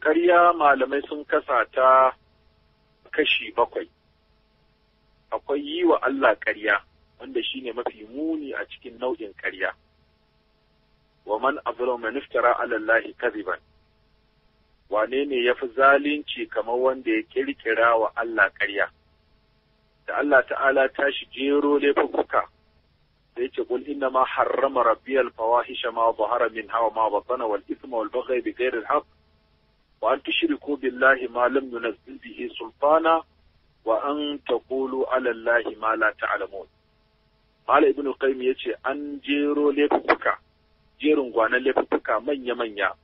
ƙarya malamai sun kasa ta kashi bakwai. Akwai yi wa Allah ƙarya, wanda shi ne mafi muni a cikin nau'in ƙarya. Wa man azlamu man iftara ala Allahi Wane ne ya fi zalunci kamar wanda ya kirkira wa Allah ƙarya? Da Allah ta'ala tashi jero laifuka sai ce kul inna ma harrama rabbiyal fawahisha ma zahara min hawa ma batana wal ithma wal baghy bi ghairi al haqq wa an tushriku billahi ma lam yunazzil bihi sultana wa an taqulu ala allahi ma la ta'lamun Mala ibn Qayyim yace an jero laifuka jerin gwanan laifuka manya manya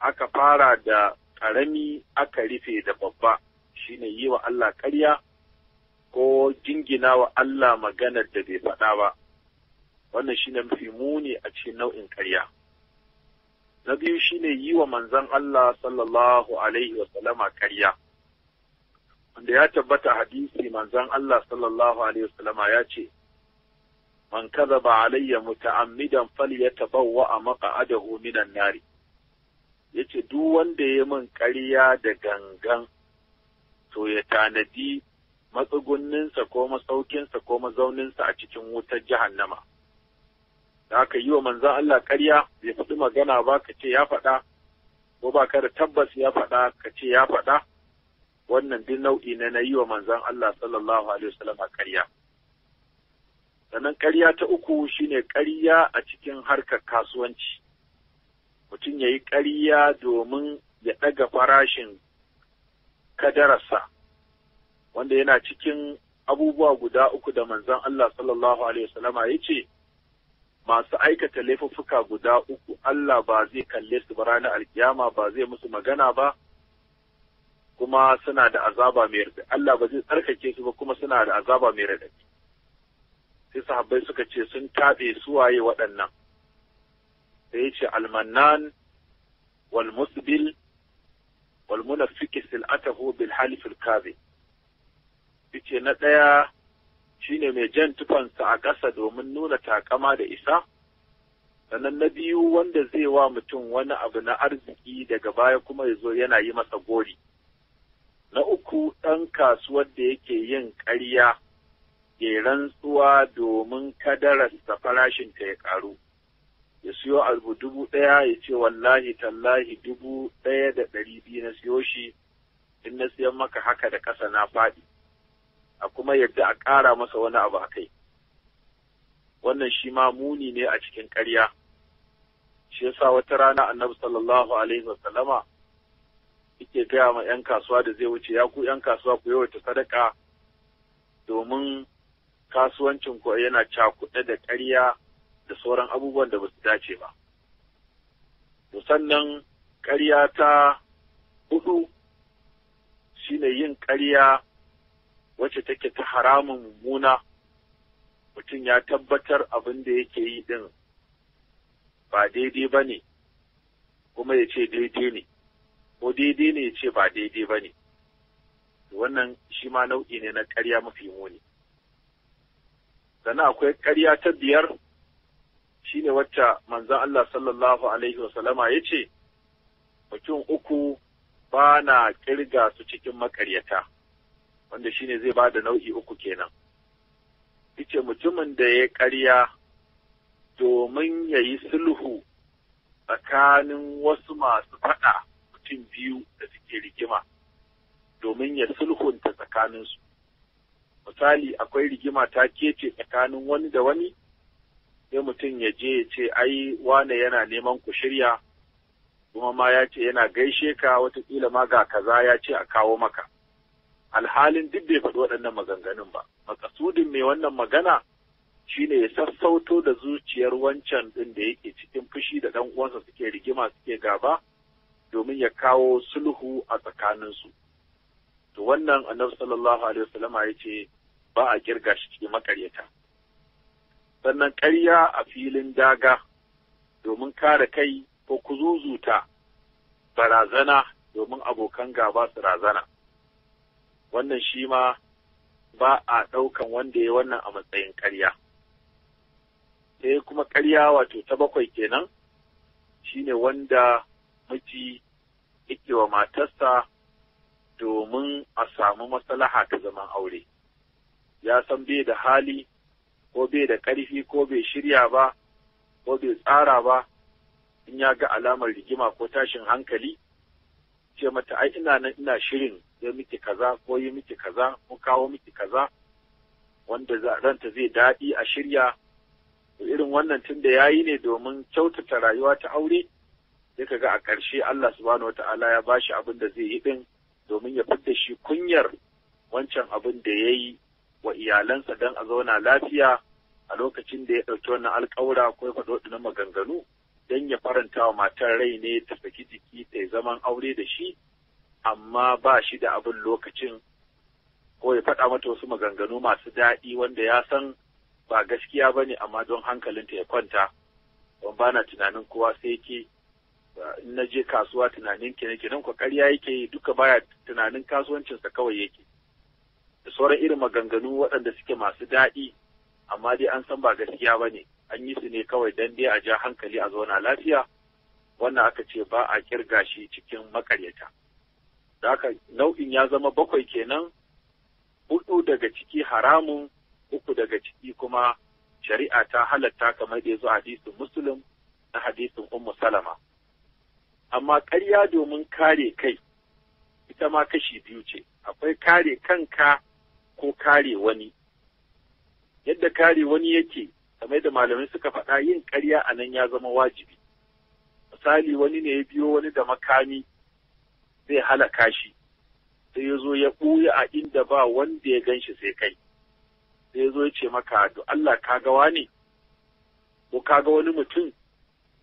aka fara da ƙarami aka rufe da babba shine yi wa Allah karya, ko jingina wa Allah maganar da bai faɗa ba wannan shine mafi muni a cikin nau'in karya. na biyu shine yi wa manzon Allah sallallahu alaihi wasallama karya wanda ya tabbata hadisi manzon Allah sallallahu alaihi wasallama ya ce man ba alayya muta'ammidan maka maq'adahu minan nari yace duk wanda ya min karya da gangan to ya tanadi matsugunninsa ko masaukinsa ko mazauninsa a cikin wutar jahannama da aka yi wa manzan Allah ƙarya bai faɗi magana ba ka ce ya faɗa ko ba ka da tabbas ya faɗa ka ce ya faɗa wannan duk nau'i ne na yi wa manzan Allah sallallahu alaihi wasallam ƙarya sannan ƙarya ta uku shine ƙarya a cikin harkar kasuwanci mutum ya yi ƙarya domin ya ɗaga farashin kadararsa wanda yana cikin abubuwa guda uku da manzan Allah sallallahu alaihi wasallama ya ce masu aikata laifuffuka guda uku Allah ba zai kalle su ba ranar alkiyama ba zai musu magana ba kuma suna da azaba mai raɗaɗi Allah ba zai tsarkake su ba kuma suna da azaba mai raɗaɗi sai sahabbai suka ce sun taɓe suwaye waɗannan sai ya ce almannan wal musbil wal munafiqi sil'atahu bil halifil kabe yace na ɗaya shine mai jan tufansa a ƙasa domin nuna takama da isa sannan na biyu wanda zai wa mutum wani abu na arziki daga baya kuma ya zo yana yi masa gori na uku ɗan kasuwar da yake yin ƙarya ya rantsuwa domin kadararsa farashinta ya ƙaru ya siyo albu dubu ɗaya ya ce wallahi tallahi dubu ɗaya da ɗari biyu na siyo shi in na siyan maka haka da ƙasa na faɗi a kuma yadda a ƙara masa wani abu a kai wannan shi ma muni ne a cikin ƙarya shi yasa wata rana annabi sallallahu alaihi wasallama yake gaya ma 'yan kasuwa da zai wuce ya ku 'yan kasuwa ku yawaita sadaka domin kasuwancin ku yana cakuɗe da ƙarya da sauran abubuwan da ba su dace ba. To sannan ƙarya ta hudu shine yin ƙarya wacce take ta haramun mummuna mutum ya tabbatar abin da yake yi din ba daidai ba ne kuma ya ce daidai ne ko daidai ne ya ce ba daidai ba ne wannan shi ma nau'i ne na ƙarya mafi muni sannan akwai karya ta biyar Shi ne wacce manzon Allah sallallahu alaihi wasallama ya ce mutum uku ba na ƙirga su cikin makaryata. wanda shine zai ba da nau'i uku kenan ice mutumin da ya karya domin ya yi sulhu tsakanin wasu masu faɗa mutum biyu da suke rigima domin ya sulhunta tsakaninsu misali akwai rigima ta kece tsakanin wani da wani sai mutum ya je ya ce ai wane yana neman ku shirya kuma ma ya ce yana gaishe ka watakila ma ga kaza ya ce a kawo maka alhalin duk bai faɗi waɗannan maganganun ba makasudin mai wannan magana shine ya sassauto da zuciyar wancan ɗin da yake cikin fushi da ɗan uwansa suke rigima suke gaba domin ya kawo sulhu a tsakaninsu to wannan annabi sallallahu alaihi wasallama ya ce ba a kirga shi cikin makaryata sannan ƙarya a filin daga domin kare kai ko kuzuzuta barazana domin abokan gaba su razana wannan shi ma ba a ɗaukan wanda ya wannan a matsayin ƙarya sai kuma ƙarya wato ta bakwai kenan shine wanda miji yake wa matarsa domin a samu maslaha ta zaman aure ya san bai da hali ko bai da ƙarfi ko bai shirya ba ko bai tsara ba in ya ga alamar rigima ko tashin hankali ce mata ai ina nan ina shirin sai miki kaza ko yi miki kaza ko kawo miki kaza wanda ranta zai daɗi a shirya irin wannan tun da yayi ne domin kyautata rayuwa ta aure sai kaga a ƙarshe Allah subhanahu wataala ya bashi abin da zai yi din domin ya fitta shi kunyar wancan abin da ya yi wa iyalansa don a zauna lafiya a lokacin da ya ɗauki wannan alƙawura ko ya faɗo na maganganu don ya faranta wa matar rai ne ta saki jiki ta zaman aure da shi amma ba shi da abin lokacin ko ya faɗa mata wasu maganganu masu daɗi wanda ya san ba gaskiya ba ne amma don hankalinta ya kwanta don ba na tunanin kowa sai ke in na je kasuwa tunanin ki nake nan ƙarya yake yi duka baya tunanin kasuwancinsa kawai yake da sauran irin maganganu waɗanda suke masu daɗi amma dai an san ba gaskiya ba ne an yi su ne kawai dan dai a ja hankali a zauna lafiya wannan aka ce ba a kirga shi cikin makaryata. da haka nau'in ya zama bakwai kenan hudu daga ciki haramun uku daga ciki kuma shari'a ta halatta kamar da ya zo hadisin musulun na hadisin ummu salama amma ƙarya domin kare kai ita ma kashi biyu ce akwai kare kanka ko kare wani yadda kare wani yake kamar da malamai suka faɗa yin ƙarya a nan ya zama wajibi misali wani ne ya biyo wani da makami zai halaka shi sai ya zo ya ɓuya a inda ba wanda ya gan shi sai kai sai ya zo ya ce maka to Allah ka ga wani ko ka ga wani mutum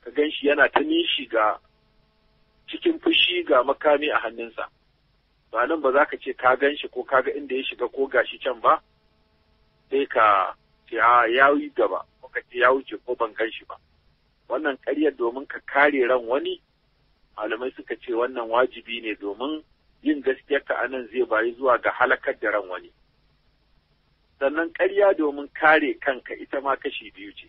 ka gan shi yana ta nishi ga cikin fushi ga makami a hannunsa ba nan ba za ka ce ka gan shi ko ka ga inda ya shiga ko gashi can ba sai ka ce a ya gaba ko ka ce ya wuce ko ban gan shi ba wannan ƙaryar domin ka kare ran wani malamai suka ce wannan wajibi ne domin yin gaskiyarka a nan zai bayi zuwa ga halakar da ran wani sannan ƙarya domin kare kanka ita ma kashi biyu ce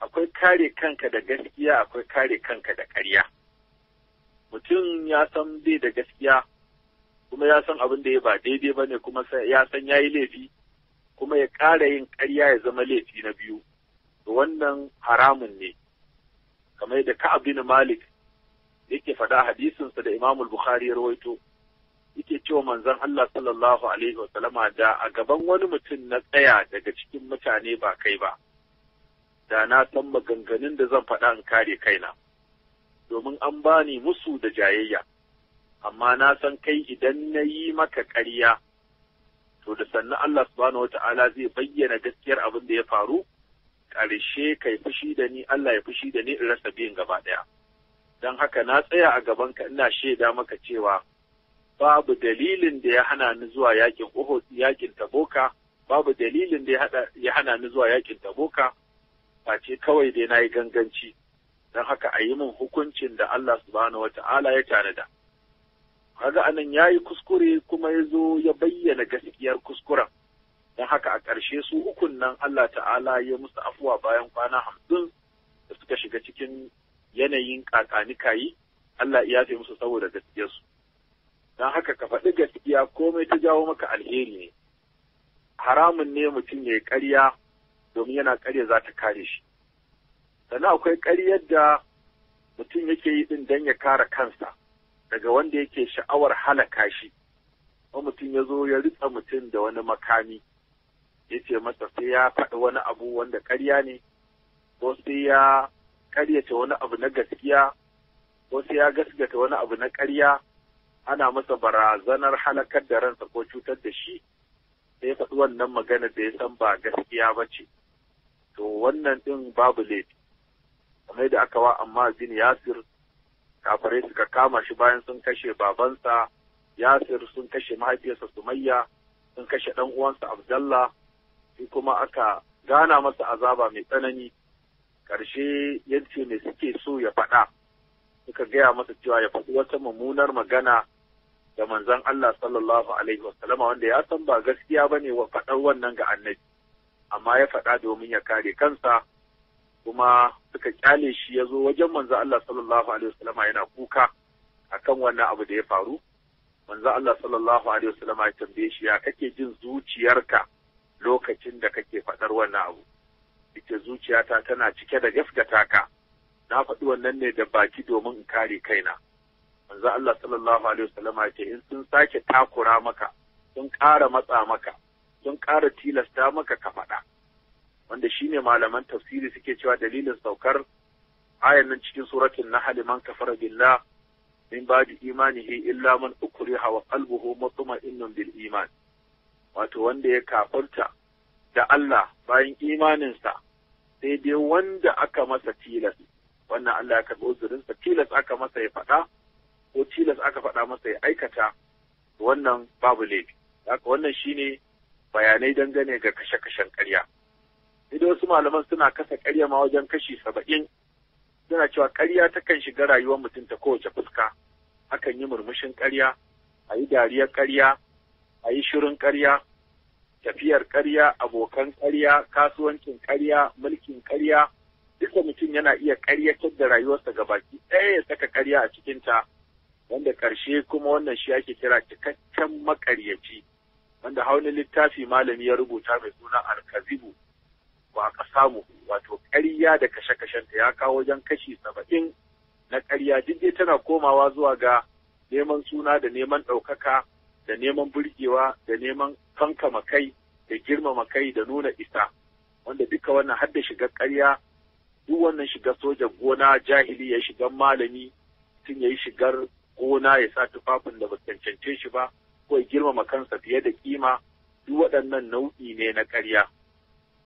akwai kare kanka da gaskiya akwai kare kanka da ƙarya mutum ya san bai da gaskiya kuma ya san abin da ya ba daidai ba ne kuma ya san ya yi laifi kuma ya ƙara yin ƙarya ya zama laifi na biyu wannan haramun ne kamar da ka abin malik yake faɗa hadisinsa da Imam Bukhari ya rawaito yake cewa manzon Allah sallallahu alaihi wa sallama da a gaban wani mutum na tsaya daga cikin mutane ba kai ba da na san maganganun da zan faɗa in kare kaina domin an bani musu da jayayya amma na san kai idan na yi maka ƙarya to da sannan Allah subhanahu wata'ala zai bayyana gaskiyar abin da ya faru ƙarshe kai fushi da ni Allah ya fushi da ni in rasa biyan gaba ɗaya don haka na tsaya a gaban ka ina shaida maka cewa babu dalilin da ya hana ni zuwa yakin Uhud yakin Taboka babu dalilin da ya hana ni zuwa yakin Taboka face kawai dai na yi ganganci don haka a yi min hukuncin da Allah subhanahu wata'ala ya tanada kaga anan yayi kuskure kuma yazo ya bayyana gaskiyar kuskuren don haka a ƙarshe su ukun nan Allah ta'ala ya musu afuwa bayan kwana hamsin da suka shiga cikin yanayin yi, Allah ya fi musu saboda gaskiyarsu don haka ka faɗi gaskiya komai ta jawo maka alheri ne haramun ne mutum ya yi ƙarya domin yana ƙarya za ta kare shi sannan akwai ƙaryar da mutum yake yi ɗin don ya kare kansa daga wanda yake sha'awar halaka shi ko mutum ya zo ya ritsa mutum da wani makami ya ce masa sai ya faɗi wani abu wanda ƙarya ne ko sai ya karyata wani abu na gaskiya ko sai ya gaskata wani abu na karya ana masa barazanar halakar da ransa ko cutar da shi sai faɗi wannan magana da ya san ba gaskiya ba ce to wannan ɗin babu laifi kamar da aka wa amma bin yasir kafare suka kama shi bayan sun kashe babansa yasir sun kashe mahaifiyarsa sumayya sun kashe ɗan uwansa abdallah sai kuma aka gana masa azaba mai tsanani Karshe ya ce suke so ya faɗa suka gaya masa cewa ya faɗi wata mummunar magana da manzon Allah sallallahu alaihi wasallama wanda ya san ba gaskiya ne wa faɗar wannan ga annabi amma ya faɗa domin ya kare kansa kuma suka kyale shi ya zo wajen manzo Allah sallallahu alaihi wasallama yana kuka akan wannan abu da ya faru manzo Allah sallallahu alaihi wasallama ya tambaye shi ya kake jin zuciyarka lokacin da kake faɗar wannan abu ita zuciyata tana cike da gaskata ka na faɗi wannan ne da baki domin in kare kaina manzo Allah sallallahu alaihi wasallama ce in sun sake takura maka sun ƙara matsa maka sun ƙara tilasta maka ka faɗa wanda shine malaman tafsiri suke cewa dalilin saukar ayan nan cikin suratul nahl man kafara billah min ba'di imanihi illa man ukriha wa qalbuhu mutma'innun bil iman wato wanda ya kafarta da Allah bayan imaninsa sai dai wanda aka masa tilas wannan Allah ya karɓi uzurinsa tilas aka masa ya faɗa ko tilas aka faɗa masa ya aikata wannan babu laifi haka wannan shine bayanai dangane ga kashe-kashen karya. idan wasu malaman suna kasa ƙarya ma wajen kashi saba'in suna cewa ƙarya takan shiga rayuwar mutum ta kowace fuska akan yi murmushin karya, a yi dariyar karya, a yi shirin ƙarya tafiyar karya, abokan karya, kasuwancin ƙarya mul ƙarya duka mutum yana iya ƙaryatar da rayuwarsa ga baki ɗaya ya saka ƙarya a cikinta wanda ƙarshe kuma wannan shi ake kira cikakken maƙaryaci wanda haunin littafi malami ya rubuta mai suna alkazibu ba ka samu wato ƙarya da kashe-kashenta kashen ya kawo wajen kashi saba'in na ƙarya duk dai tana komawa zuwa ga neman suna da neman ɗaukaka da neman burgewa da neman kanka kai da girmama kai da nuna isa wanda duka wannan har da shiga ƙarya duk wannan shiga sojan gona jahili ya shiga malami sun ya yi shigar gona ya sa tufafin da ba cancance shi ba ko ya girmama kansa fiye da kima duk waɗannan nau'i ne na karya.